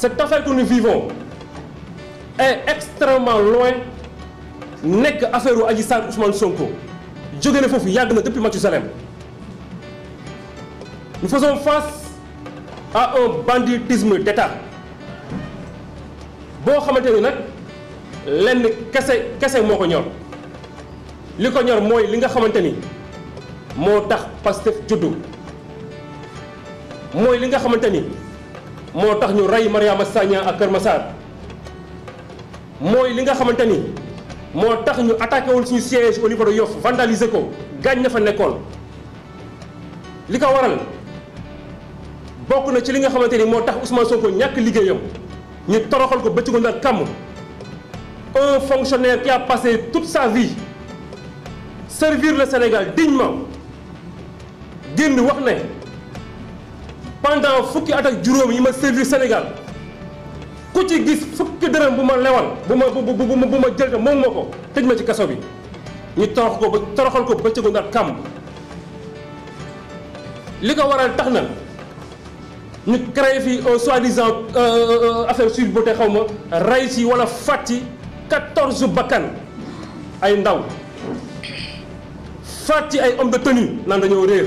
cette affaire que nous vivons est extrêmement loin nek affaire u Adji Ousmane Sonko jóge na foofu yàgg na depuis Salem. nous faisons face à un banditisme d'État bo xamanteni nak lenn kese kese moko ñor li ko ñor moy li nga xamanteni motax moo tax moy li nga xamanteni moo tax ñu rey Mariama Sagna ak Kër Massar mooy li nga xamante ni moo tax ñu attaqué woon suñu siège au niveau Yoff vandalisé ko gaañ na fa nekkoon li ko waral bokk na ci li nga xamante ni moo tax Ousmane Sonko ñàkk liggéeyam ñu toroxal ko bëccëgu ndar kàmm un fonctionnaire qui a passé toute sa vie servir le Sénégal dignement génn wax ne pandant fukki at ak juróom yi ma servir Sénégal ku ci gis fukki dërëm bu ma lewal bu ma bu bu bu ma jël moom moo ko teg ma ci kaso bi ñu torox ko ba toroxal ko bëccëgu ndax kàmm li ko waral tax na ñu créé fii un soi-disant euh, euh, euh, affaire sur bu te xaw ma rey ci wala fàtti quatorze bakkan ay ndaw ci ay homme de tenue naan dañoo réer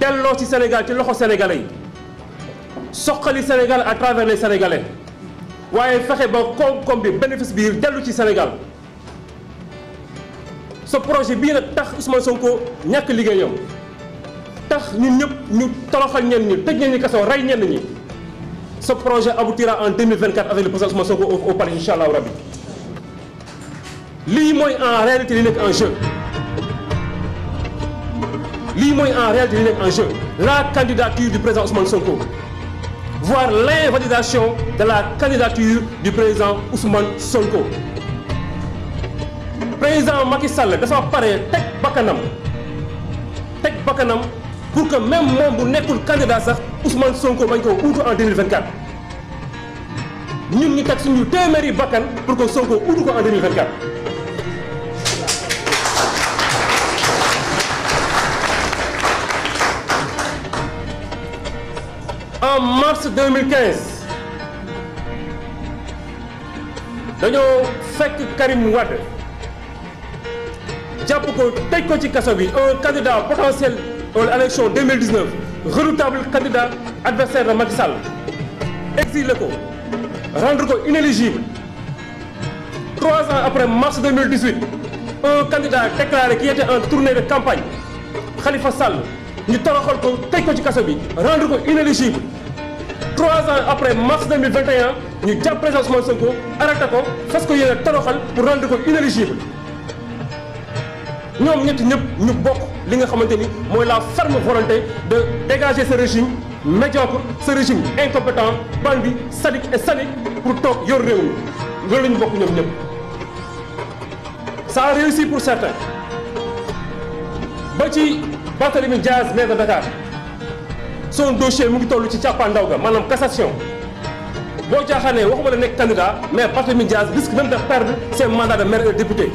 dello ci Sénégal ci loxo sénégalais yi Sénégal à travers les sénégalais waye fexe ba kom kom bi bénéfice bi dello ci Sénégal ce projet bi nak tax Ousmane Sonko ñàkk liggéeyam tax ñun ñep ñu toroxal ñen ñi tej ñen ñi kaso ñi ce projet aboutira en 2024 avec le président Ousmane Sonko au palais incha rabbi li moy en réalité li nekk en jeu. Lui moi en réalité en jeu la candidature du président Ousmane Sonko voire l'invalidation de la candidature du président Ousmane Sonko président Macky Sall dafa pare Tek Bakanam, Tek Bakanam, pour que même mon bu candidat Ousmane Sonko bañ en 2024 Nous, ñu teg suñu téeméeri Bakan pour que Sonko uutu en 2024 en mars 2015 avons fait Karim Wade ko un candidat potentiel à l'élection 2019 redoutable candidat adversaire de Macky Sall exilé ko rendre inéligible trois ans après mars 2018 un candidat déclaré qui était en tournée de campagne Khalifa Sall nous avons ko rendre inéligible trois ans après mars 2021 ñu présence arrêté qu'il y a toroxal pour rendre inéligible la ferme volonté de dégager ce régime médiocre ce régime incompétent bandit et sadique pour tout ça a réussi pour certains de son dossier mu ngi toll ci càppaandaw ga maanaam cassation boo jaaxaanee waxuma la nekk candidat mais Barthélémy Dias risque même de perdre ses mandats de maire et député.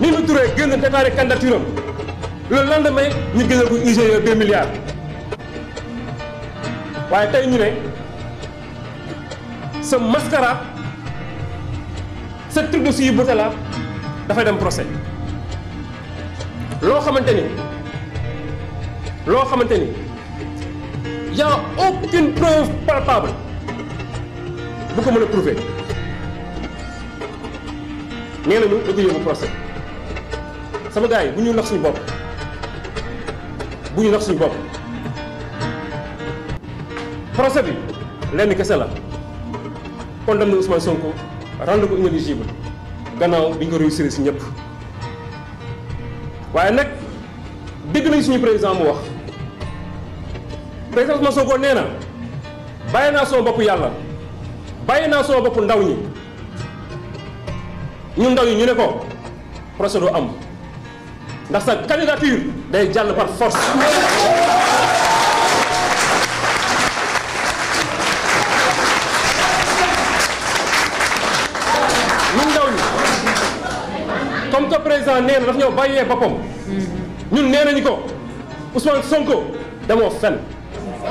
Mimi Touré gën a déclaré candidature am le lendemain ñu gën a ko UGE 2 waaye tey ñu ne sa mascara sa truc de suivi dafay dem procès loo xamante ni. Il n'y a aucune preuve palpable bu ko mën prouver Mais nous, nous procès sama gars bu ñu nax suñu bu ñu nax bi lenn la condamné Ousmane Sonko rendre ko inéligible gannaaw bi réussir ci ñëpp waaye nag dégg suñu président mu président Ousmane Sonko nee na bàyyi naa sama bopp yàlla bàyyi naa sama bopp ndaw ñi ñun ndaw ñi ñu ne ko procès du am ndax sa candidature day jàll par ndaw ñi comme que président nee na daf bàyyee boppam ñun nee nañu ko Ousmane Sonko demoo fenn.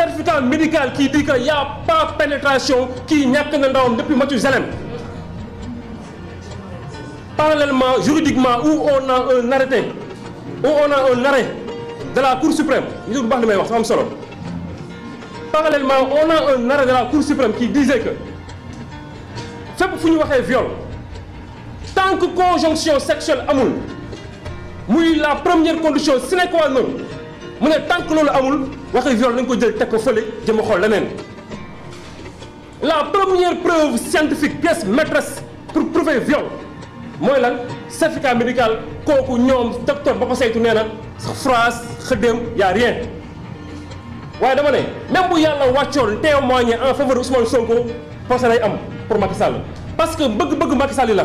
certificat médical qui dit qu'il n'y a pas de pénétration, qui n'y a que depuis Parallèlement, juridiquement, où on a un arrêté, où on a un arrêt de la Cour suprême, parallèlement, on a un arrêt de la Cour suprême qui disait que c'est pour un viol. Tant que conjonction sexuelle amoul, la première condition sine qua non, tant que l'on waxi viol lañ ko jël teg ko fële jëm a xool la première preuve scientifique pièce maîtresse pour prouver viol moy lan certificat médical koku ñom docteur bako ko saytu nee na phrase xëddéem y rien waaye dama né même bu yalla waccion wàccoon témoigner en faveur Ousmane Sonko procès lay am pour Macky Sall parce que bëgg-bëgg Macky Sall la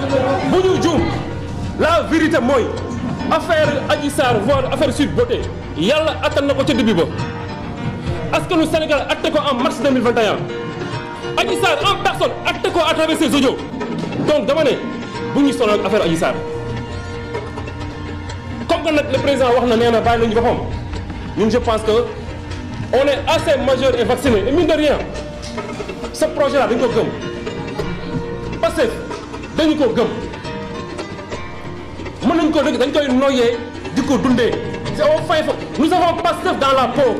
La vérité la vérité moy. affaire Adji Sarr voire affaire Sweet Beauté un côté de Bibo. Est-ce que le Sénégal acte quoi en mars 2021 Adji en personne acte ko à travers ses audios donc demandez, vous bu l'affaire affaire comme le président wax na je pense que on est assez majeur et vacciné et mine de rien ce projet là nous ko gëm nous ko gëm mën nañ ko dañ koy nous avons dans la peau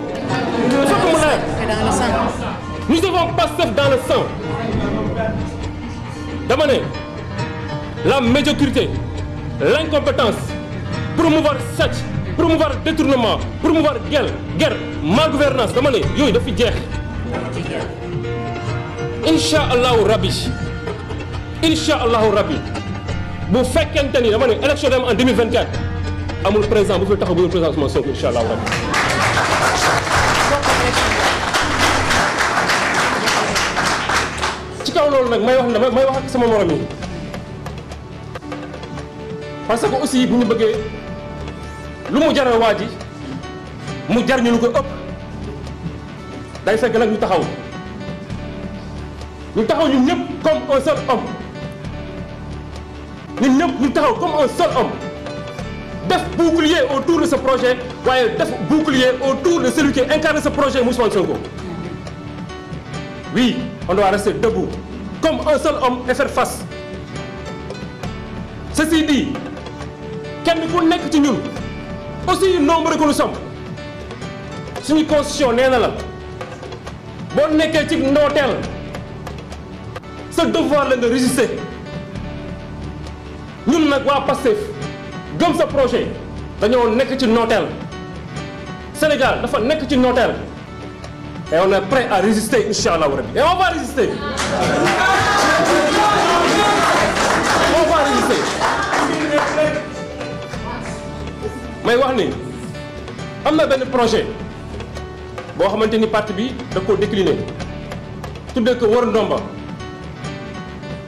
Nous n'avons pas sauf dans le sang dama la médiocrité l'incompétence promouvoir sèche, promouvoir détournement promouvoir guerre guerre mauvaise gouvernance dama ne yooyu la jeex incha allahu rabbi incha allahu rabbi bu fekkente ni dama ne élection dem en 2024 amul président bu fi taxaw bu dul président Ousmane Sonko incha allahu rabbi ci kaw loolu nag may wax may wax ak sama morom yi parce que aussi bu ñu bëggee lu mu jaral waa ji mu jar ñu lu ko ëpp day fekk nag ñu taxaw ñu taxaw ñun ñëpp comme un seul homme Nous sommes comme un seul homme def bouclier autour de ce projet voyez, def bouclier autour de celui qui incarne ce projet Moussa oui on doit rester debout comme un seul homme et faire face ceci dit qu'elle nous nekk nous, aussi nombreux que nous sommes nous constitution nee na la boo nekkee ci ndooteel le devoir de résister ñun nak wa Pastef gëm sa projet dañoo nek ci notel Sénégal dafa nek ci notel et on est prêt à résister inshallah allahu et on va résister. on va résister. may wax ni amna ben projet bo xamanteni parti bi da ko décliné tuddee ko war ndomba.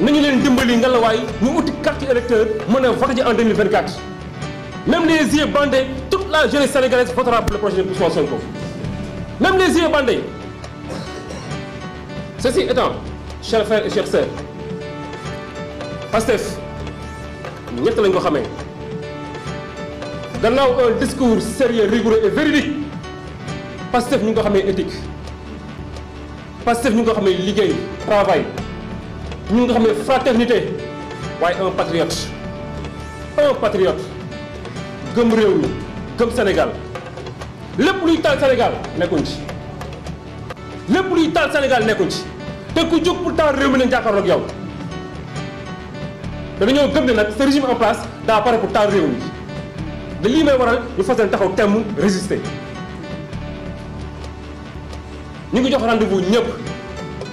Nous sommes tous les ñu uti carte électeur en 2024 même les yeux bandés toute la jeunesse sénégalaise votera pour le projet de poussoir même les yeux bandés ceci étant chers frères et chers sœurs Pastef nous lañ ko xamee Dans un discours sérieux rigoureux et véridique Pastef nous ngi éthique Pastef nous ngi travail ñu nga xam ne fraternité waaye un patriote un patriote gëm réew mi gëm Sénégal lépp luy taal Sénégal nekkuñ ci lépp luy taal Sénégal nekkuñ ci te ku jóg pour taal réew mi lañ jàkkaarloog yow dañoo gëm ne nag ce régime en place daa pare pour taal réew mi da lii may waral ñu fas taxaw temm résister ñu ngi jox rendez-vous ñëpp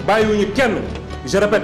bàyyiwuñu kenn je répète